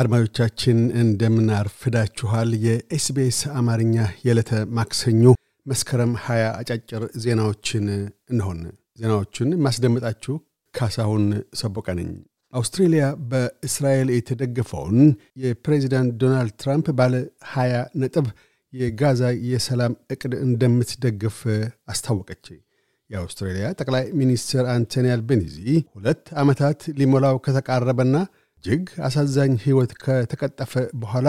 አድማጮቻችን እንደምን አርፍዳችኋል። የኤስቢኤስ አማርኛ የዕለተ ማክሰኞ መስከረም 20 አጫጭር ዜናዎችን እንሆን። ዜናዎቹን ማስደመጣችሁ ካሳሁን ሰቦቀ ነኝ። አውስትሬልያ በእስራኤል የተደገፈውን የፕሬዚዳንት ዶናልድ ትራምፕ ባለ 20 ነጥብ የጋዛ የሰላም እቅድ እንደምትደግፍ አስታወቀች። የአውስትሬልያ ጠቅላይ ሚኒስትር አንቶኒ አልቤኒዚ ሁለት ዓመታት ሊሞላው ከተቃረበና እጅግ አሳዛኝ ሕይወት ከተቀጠፈ በኋላ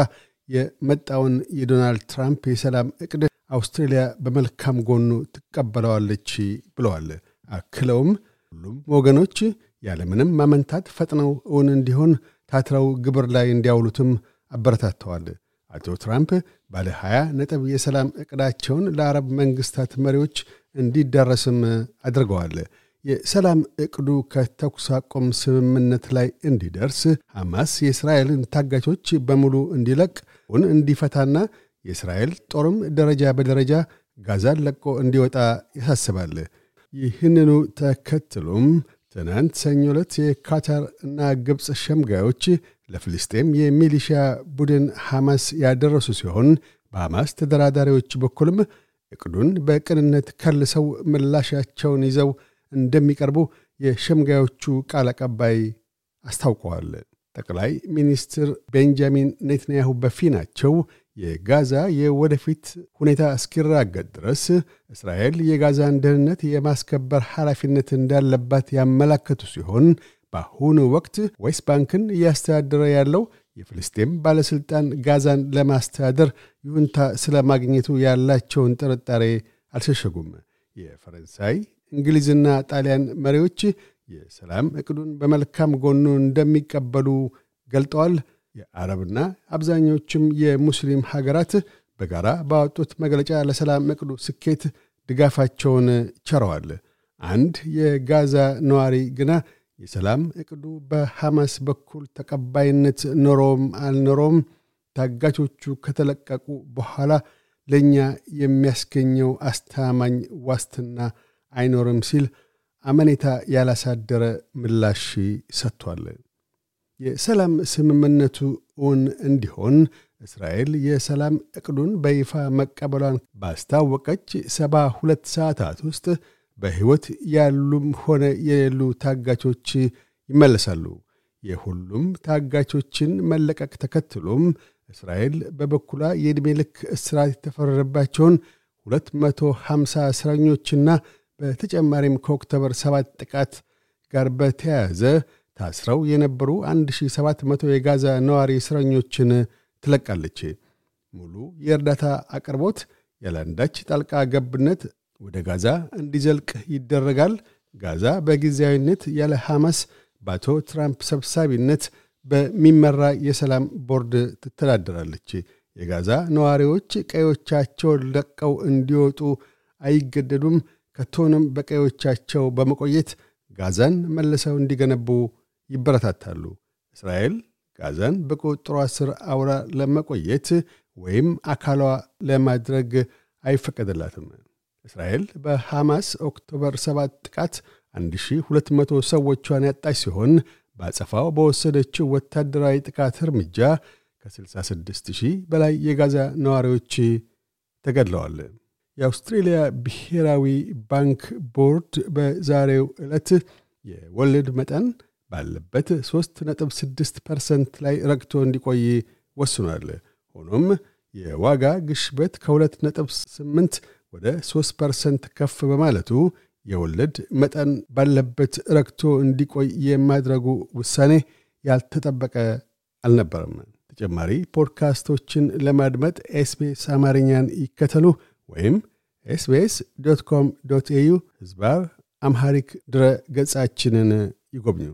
የመጣውን የዶናልድ ትራምፕ የሰላም እቅድ አውስትሬልያ በመልካም ጎኑ ትቀበለዋለች ብለዋል። አክለውም ሁሉም ወገኖች ያለምንም ማመንታት ፈጥነው እውን እንዲሆን ታትረው ግብር ላይ እንዲያውሉትም አበረታተዋል። አቶ ትራምፕ ባለ 20 ነጥብ የሰላም እቅዳቸውን ለአረብ መንግስታት መሪዎች እንዲዳረስም አድርገዋል። የሰላም እቅዱ ከተኩስ አቁም ስምምነት ላይ እንዲደርስ ሐማስ የእስራኤልን ታጋቾች በሙሉ እንዲለቅ ውን እንዲፈታና የእስራኤል ጦርም ደረጃ በደረጃ ጋዛን ለቆ እንዲወጣ ያሳስባል። ይህንኑ ተከትሎም ትናንት ሰኞ ዕለት የካታር እና ግብፅ ሸምጋዮች ለፍልስጤም የሚሊሻ ቡድን ሐማስ ያደረሱ ሲሆን በሐማስ ተደራዳሪዎች በኩልም እቅዱን በቅንነት ከልሰው ምላሻቸውን ይዘው እንደሚቀርቡ የሸምጋዮቹ ቃል አቀባይ አስታውቀዋል። ጠቅላይ ሚኒስትር ቤንጃሚን ኔትንያሁ ናቸው። የጋዛ የወደፊት ሁኔታ እስኪራገድ ድረስ እስራኤል የጋዛን ደህንነት የማስከበር ኃላፊነት እንዳለባት ያመላከቱ ሲሆን በአሁኑ ወቅት ዌስት ባንክን እያስተዳደረ ያለው የፍልስጤም ባለሥልጣን ጋዛን ለማስተዳደር ይሁንታ ስለማግኘቱ ያላቸውን ጥርጣሬ አልሸሸጉም። የፈረንሳይ እንግሊዝና ጣሊያን መሪዎች የሰላም እቅዱን በመልካም ጎኑ እንደሚቀበሉ ገልጠዋል። የአረብና አብዛኞቹም የሙስሊም ሀገራት በጋራ ባወጡት መግለጫ ለሰላም እቅዱ ስኬት ድጋፋቸውን ቸረዋል። አንድ የጋዛ ነዋሪ ግና የሰላም እቅዱ በሐማስ በኩል ተቀባይነት ኖሮም አልኖሮም ታጋቾቹ ከተለቀቁ በኋላ ለእኛ የሚያስገኘው አስተማማኝ ዋስትና አይኖርም ሲል አመኔታ ያላሳደረ ምላሽ ሰጥቷል። የሰላም ስምምነቱ እውን እንዲሆን እስራኤል የሰላም ዕቅዱን በይፋ መቀበሏን ባስታወቀች ሰባ ሁለት ሰዓታት ውስጥ በሕይወት ያሉም ሆነ የሌሉ ታጋቾች ይመለሳሉ። የሁሉም ታጋቾችን መለቀቅ ተከትሎም እስራኤል በበኩሏ የዕድሜ ልክ እስራት የተፈረደባቸውን 250 እስረኞችና በተጨማሪም ከኦክቶበር 7 ጥቃት ጋር በተያያዘ ታስረው የነበሩ 1700 የጋዛ ነዋሪ እስረኞችን ትለቃለች። ሙሉ የእርዳታ አቅርቦት ያለአንዳች ጣልቃ ገብነት ወደ ጋዛ እንዲዘልቅ ይደረጋል። ጋዛ በጊዜያዊነት ያለ ሐማስ በአቶ ትራምፕ ሰብሳቢነት በሚመራ የሰላም ቦርድ ትተዳደራለች። የጋዛ ነዋሪዎች ቀዮቻቸውን ለቀው እንዲወጡ አይገደዱም። ከቶንም በቀዮቻቸው በመቆየት ጋዛን መልሰው እንዲገነቡ ይበረታታሉ። እስራኤል ጋዛን በቁጥሯ ስር አውራ ለመቆየት ወይም አካሏ ለማድረግ አይፈቀደላትም። እስራኤል በሐማስ ኦክቶበር 7 ጥቃት 1200 ሰዎቿን ያጣች ሲሆን ባጸፋው በወሰደችው ወታደራዊ ጥቃት እርምጃ ከ66 ሺህ በላይ የጋዛ ነዋሪዎች ተገድለዋል። የአውስትሬልያ ብሔራዊ ባንክ ቦርድ በዛሬው ዕለት የወለድ መጠን ባለበት 3.6 ፐርሰንት ላይ ረግቶ እንዲቆይ ወስኗል። ሆኖም የዋጋ ግሽበት ከ2.8 ወደ 3 ፐርሰንት ከፍ በማለቱ የወለድ መጠን ባለበት ረግቶ እንዲቆይ የማድረጉ ውሳኔ ያልተጠበቀ አልነበረም። ተጨማሪ ፖድካስቶችን ለማድመጥ ኤስቤስ አማርኛን ይከተሉ ወይም ኤስቢኤስ ዶት ኮም ዶት ኤዩ ህዝባር አምሃሪክ ድረ ገጻችንን ይጎብኙ።